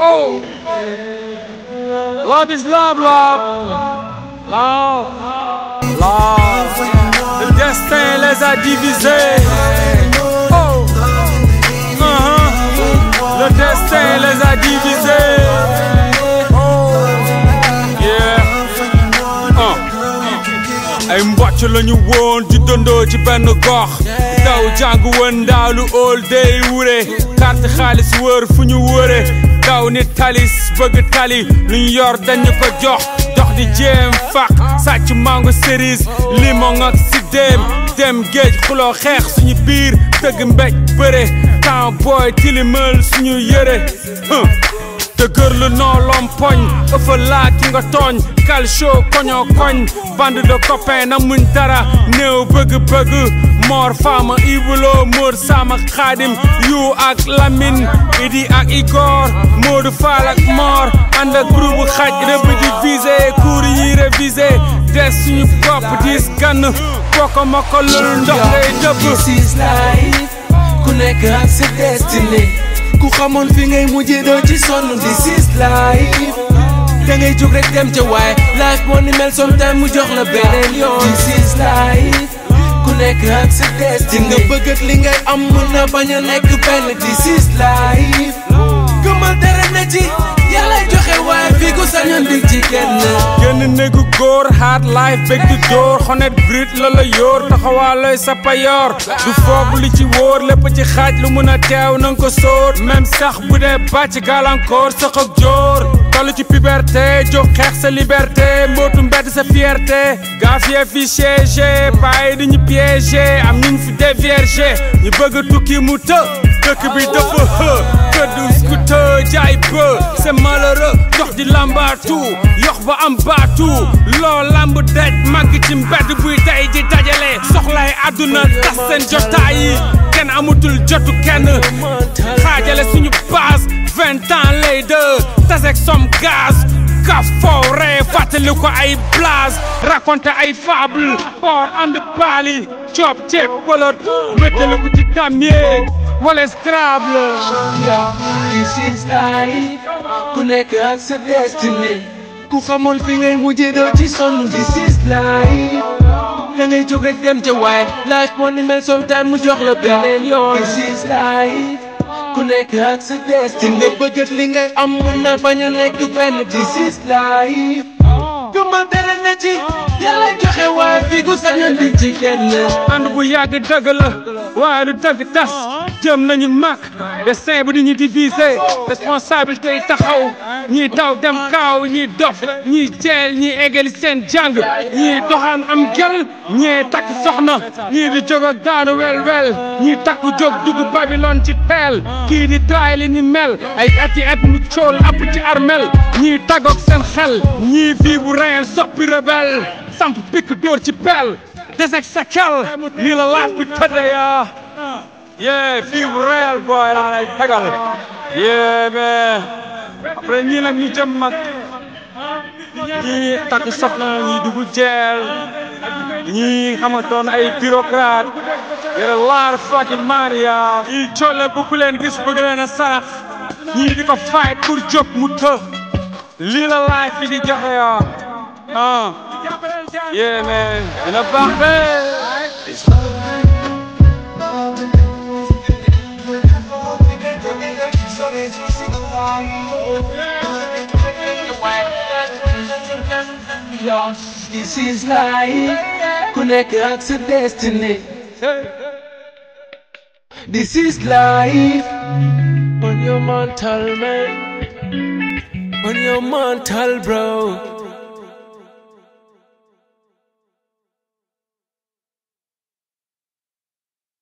Oh! Love is love, love! Love! Love! Le destin les a divisés! ay mbocc lañu woon di dondoo ci benn gox daw jàngu woon ndaalu all day wure carte xaalis wër fu ñu wëre daw ni talis bëgg tali lu yor dañu ko jox dox di jéem faq sàcc mango cerise limon ak si dem dem géej xuloo xeex suñu biir tëgg mbéj bëre temps booy suñu yëre dëgërlu noo lompoñ ëffalaa ki nga tooñ calcio koñoo koñ bande de copain na muñ dara néew bëgg-bëgg moor faama ibuloo móor saam ak yu ak lamin idi ak igor moodu faal ak moor ànd ak groupe xaj rëbb di visé cours yi révisé des suñu bopp dis gann bokka ma ko ndox lay dëbb ku xamoon fi ngay mujjee doo ci sonn this is life da ngay jóg rek dem ca waaye life moo ni mel sometimes mu jox la beneen yoon this is life ku nekk ak sa destiny nga bëgg ak li ngay am mën na bañ a nekk benn this is life gëmal dara na ci sañoon di jigéen la génn néegu góor hard life bég di dóor honnête brut la la yóor taxawaalooy sa payoor du foog li ci wóor lépp ci xaaj lu mun a teew na ko sóor même sax bu ne bàcc gàllankoor sax ak jóor toll ci puberté jóg xeex sa liberté mbootu mbedd sa fierté gaafiyee fi chégé bàyyi di piégé am ñu fi déviergé ñu bëgg tukki mu të dëkk bi dafa këddul scooter jaay bë c'est malheureux jox di làmbaatu yox ba am baatu loo làmb daj màgg ci mbedd buy tey di dajale soxlay àdduna tas seen jotaay yi kenn amutul jotu kenn xaajale suñu paas vingt ans lay de tasek som gaz ka foore ay blaze raconté ay fable port and paali coob ceeb bolot méttali ko ci Involestable. This is life. ku nekk ak sa destiny. ku xamul fi ngay mujjee doo ci sonn. This is life. ngay jóg rek dem ca waaye. life moo ni mu jox la beneen yoon. This is life. ku nekk ak sa destiny. nga bëgg li ngay am mun na bañ a nekk benn. This duma dara na ci yàlla joxe waaye fi gu sañoon di ci kenn ànd bu yàgg dëgg la waaye du tagg tas jëm nañu mag destin bu di ñu divisé responsabilité yi taxaw ñii taw dem kaaw ñii dof ñii jeel ñii eggali seen jàng ñii doxaan am gel ñii takk soxna ñii di jóg ak daanu wel wel ñii takk jóg dugg Babylone ci peel kii di traay li ni mel ay at yi at cool app ci armel ñii taggoog seen xel ñii fii bu rey citoyen soppi rebelle samp pikk dóor ci peel deseg sa kel nii la laaj bi tëddee yaa yee fii bu réel booy laa lay tegal yee mais après ñii nag ñu jëm mag ñii takk na ñii dugg jeel ñii xamatoon ay bureaucrate yore laar fàcc maria ñii colle bu ku leen gis bëgg leen a sarax ñii di ko faay pour jóg mu të lii la laay fi di joxe yaa Uh, yeah, man. And a buffet. It's This is life, connect us to destiny. This is life on your mental man, on your mental bro.